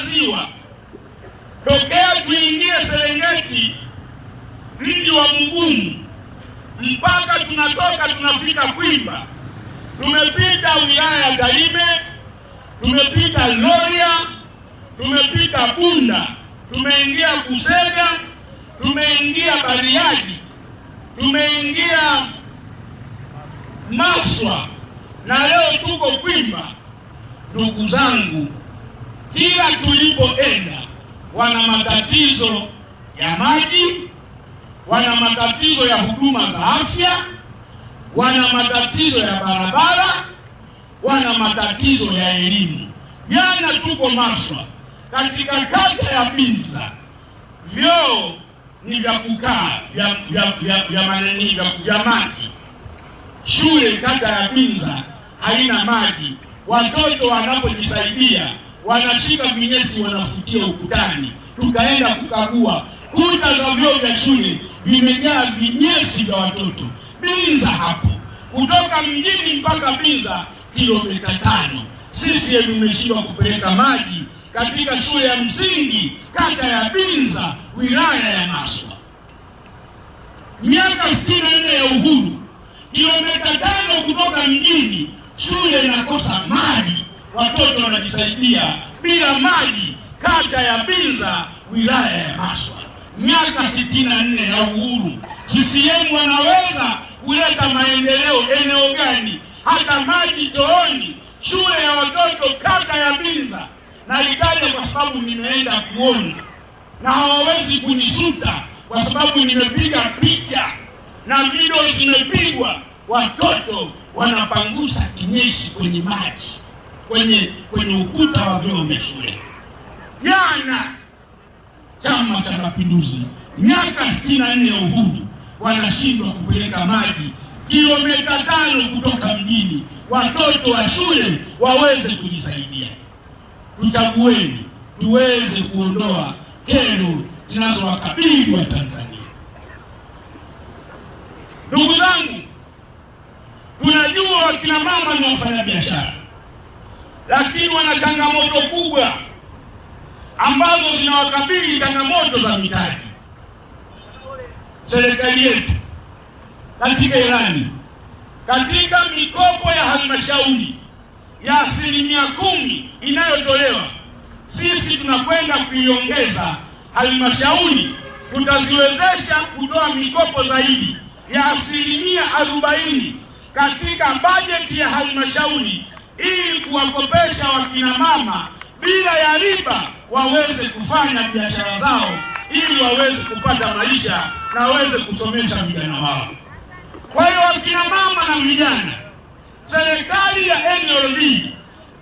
ziwa, tokea tuingie Serengeti mji wa Mugumu mpaka tunatoka tunafika Kwimba, tumepita wilaya ya Tarime, tumepita Loria, tumepita Bunda, tumeingia Kusega, tumeingia Bariadi, tumeingia Maswa na leo tuko Kwimba. Ndugu zangu kila tulipoenda, wana matatizo ya maji, wana matatizo ya huduma za afya, wana matatizo ya barabara, wana matatizo ya elimu. Jana tuko Maswa, katika kata ya Binza, vyoo ni vya kukaa vya vya vya vya manani vya maji. Shule kata ya Binza haina maji, watoto wanapojisaidia wanashika vinyesi wanafutia ukutani. Tukaenda kukagua kuta za vyoo vya shule vimejaa vinyesi vya watoto. Binza hapo kutoka mjini mpaka Binza kilomita tano. Sisi tumeshindwa kupeleka maji katika shule ya msingi kata ya Binza wilaya ya Maswa. Miaka nne ya uhuru, kilomita tano kutoka mjini shule inakosa maji, watoto wanajisaidia bila maji, kata ya Binza, wilaya ya Maswa. Miaka sitini na ya uhuru, CCM wanaweza kuleta maendeleo eneo gani? Hata maji chooni, shule ya watoto kata ya Binza naitaja kwa sababu nimeenda kuona, na hawawezi kunisuta kwa sababu nimepiga picha na video zimepigwa, watoto wanapangusa kinyesi kwenye maji kwenye kwenye ukuta wa vyoo vya shule. Jana Chama cha Mapinduzi, miaka 64 ya uhuru, wanashindwa kupeleka maji kilomita tano kutoka mjini, watoto wa shule waweze kujisaidia. Tuchagueni tuweze kuondoa kero zinazowakabili wa Tanzania. Ndugu zangu, tunajua wakina mama ni wafanyabiashara lakini wana changamoto kubwa ambazo zinawakabili, changamoto za mitaji. Serikali yetu katika ilani, katika mikopo ya halmashauri ya asilimia kumi inayotolewa, sisi tunakwenda kuiongeza halmashauri, tutaziwezesha kutoa mikopo zaidi ya asilimia arobaini katika bajeti ya halmashauri ili kuwakopesha wakina mama bila ya riba waweze kufanya biashara zao ili waweze kupata maisha na waweze kusomesha vijana wao. Kwa hiyo wakina mama na vijana, serikali ya NLD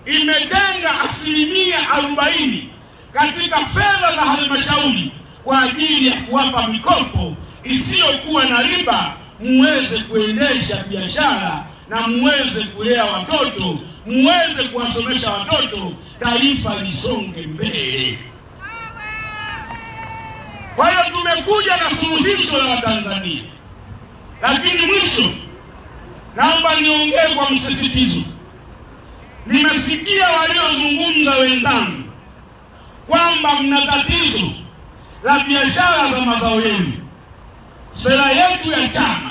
imetenga asilimia arobaini katika fedha za halmashauri kwa ajili ya kuwapa mikopo isiyokuwa na riba, muweze kuendesha biashara na muweze kulea watoto muweze kuwasomesha watoto, taifa lisonge mbele. Kwa hiyo tumekuja na suluhisho la Watanzania, lakini mwisho, naomba niongee kwa msisitizo. Nimesikia waliozungumza wenzangu kwamba mna tatizo la biashara za mazao yenu. Sera yetu ya chama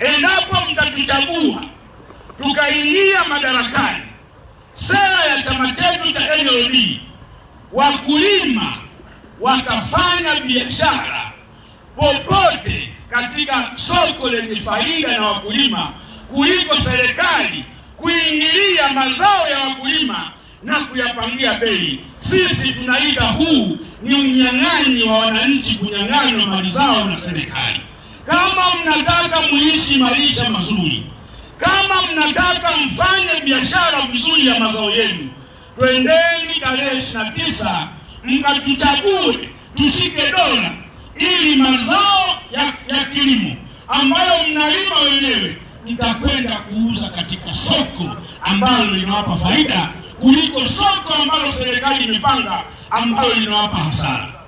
endapo mtatuchagua tunaingia madarakani, sera ya chama chetu cha NLD, wakulima watafanya biashara popote katika soko lenye faida na wakulima kuliko serikali kuingilia mazao ya wakulima na kuyapangia bei. Sisi tunaita huu ni unyang'anyi wa wananchi, kunyang'anywa mali zao na serikali. Kama mnataka muishi maisha mazuri kama mnataka mfanye biashara vizuri ya mazao yenu, twendeni tarehe ishirini na tisa mkatuchague tushike dola, ili mazao ya, ya kilimo ambayo mnalima wenyewe nitakwenda kuuza katika soko ambalo linawapa faida kuliko soko ambalo serikali imepanga ambalo linawapa hasara.